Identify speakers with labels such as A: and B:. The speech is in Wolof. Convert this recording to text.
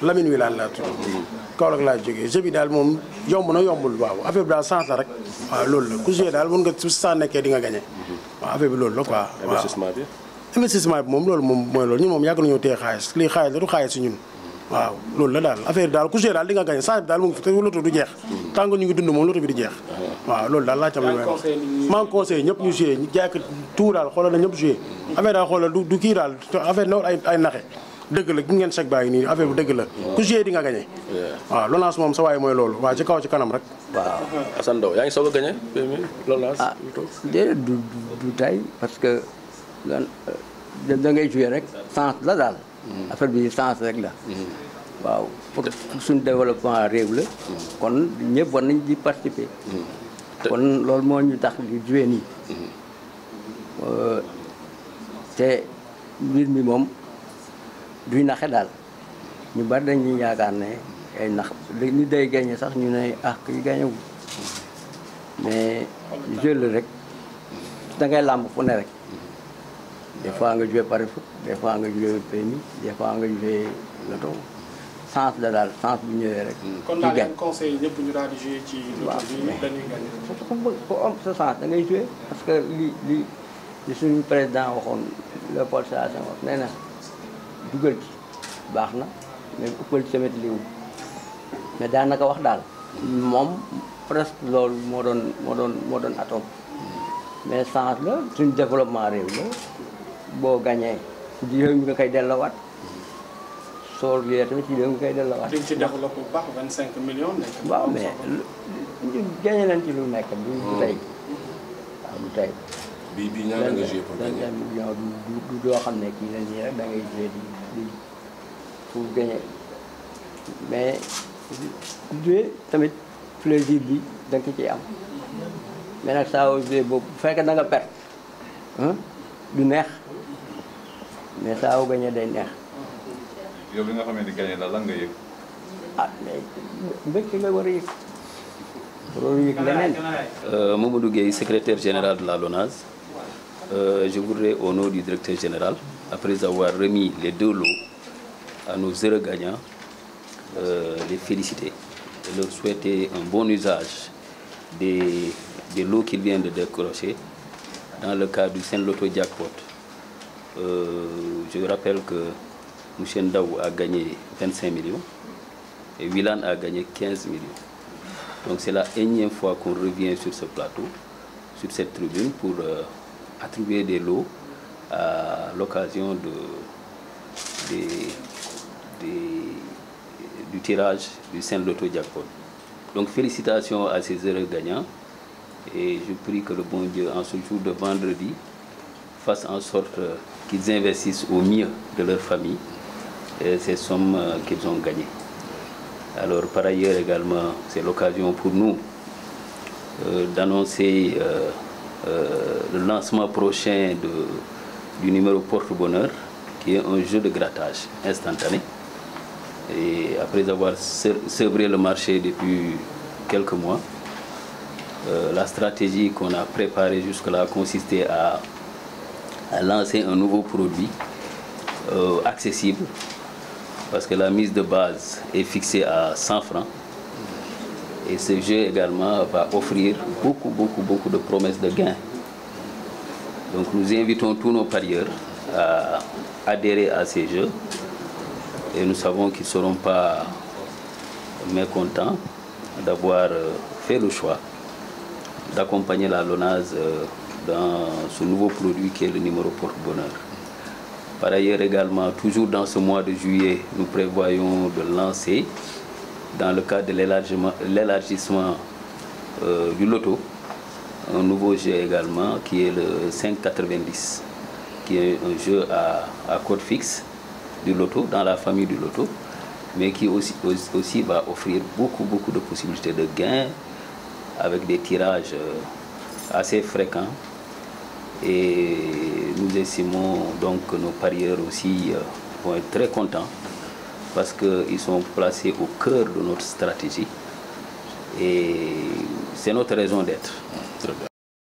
A: Lamine wi laa tudd. Kaolack laa jógee jeu bi daal moom yomb na yombul waaw affaire daal sens la rek. waaw loolu la ku joué daal mën nga su saa mhm. loolu la quoi. moom loolu moom mooy loolu ñun moom yàgg nañoo téye xaalis lii xaalis la du xaalis loolu la daal affaire daal ku joué daal di nga gagné saa bi daal mu ngi fi te loto du jeex. tant que ñu uh-huh. daal laa ca am lu may wax maa ngi xoolal na du kii daal affaire na ay ay naxe dëgg la gi ngeen chèque baa ngi nii affaire bu dëgg la ku joué di nga gagné waaw Lonase moom sa waay mooy loolu waaw ci kaw ci kanam rek waaw Assane
B: Ndao yaa ngi soog a gagné ah du
A: du parce que
C: lan euh, da ngay rek sens la daal mm. affaire bi sens rek la mm. waaw suñu développement réew la mm. kon ñëpp war nañ di participer kon loolu moo ñu tax di joué nii euh, te mbir mi moom duy naxe daal ñu bari dañuy yaakaar ne ay nax li day gagné sax ñu ne ah kii gagné wu mais jeu la rek da ngay làmb fu ne rek des fois nga joué pari foot des fois nga joué PMI des fois nga joué loto sens la daal sens bu ñëwee rek. Mm. kon daal leen
A: conseil ñëpp ñu daal di joué ci. waaw dañuy
C: da ngay parce que li li li suñu président waxoon Léopold Sédar Senghor nee na. dugal ci baax na mais ëppal ci tamit liiw mais daanaka wax daal moom presque loolu moo doon moo doon moo doon atom mais sens la suñ développement réew la boo gañee ci réew mi nga koy delloowaat soo yee tamit ci réew mi nga koy delloowaat. duñ ci développé
A: bu baax 25 millions. waaw mais
C: gañe nañ ci lu nekk. du hmm. tey waaw du tey. bii bii ñaata nga joué du du xam ne kii la nii rek da ngay di pour gagner mais joué tamit plaisir bi da nga ko ciy am mais nag saa yoo boobu bu fekkee da nga perte du neex mais saa yoo gagné day neex. yow nga xam ne di gagné la lan nga yëg. ah nga war a yëg.
B: loolu yëg leneen. Euh, Mamadou Gueye secrétaire général de la LONASE. euh, je voudrais, au nom du directeur général, après avoir remis les deux lots à nos heureux gagnants, euh, les féliciter et leur souhaiter un bon usage des, des lots qu'ils viennent de décrocher dans le cadre du Saint-Loto Jackpot. Euh, je rappelle que M. Ndaou a gagné 25 millions et Wilan a gagné millions. Donc c'est la énième fois qu'on revient sur ce plateau, sur cette tribune pour... Euh, attribuer des lots à l'occasion de, de, du tirage du Saint Loto Jackpot. Donc félicitations à ces heureux gagnants et je prie que le bon Dieu en ce jour de vendredi fasse en sorte qu'ils investissent au mieux de leur famille et ces sommes euh, qu'ils ont gagnées. Alors par ailleurs également, c'est l'occasion pour nous euh, d'annoncer euh, Euh, le lancement prochain de, du numéro porte-bonheur, qui est un jeu de grattage instantané. Et après avoir sevré le marché depuis quelques mois, euh, la stratégie qu'on a préparée jusque-là consistait à, à, lancer un nouveau produit euh, accessible, parce que la mise de base est fixée à 100 francs. Et ce jeu également va offrir beaucoup, beaucoup, beaucoup de promesses de gains. Donc nous invitons tous nos parieurs à adhérer à ces jeux et nous savons qu'ils ne seront pas mécontents d'avoir euh, fait le choix d'accompagner la Lonase euh, dans ce nouveau produit qui est le numéro porte-bonheur. Par ailleurs également, toujours dans ce mois de juillet, nous prévoyons de lancer dans le cadre de l'élargissement euh, du loto, un nouveau jeu également qui est le 590, qui est un jeu à, à code du loto, dans la famille du loto, mais qui aussi, aussi va offrir beaucoup, beaucoup de de gains avec des tirages euh, assez fréquents. Et nous donc que nos aussi euh, vont être très parce qu'ils sont placés au cœur de notre stratégie et c'est notre raison d'être. Très bien.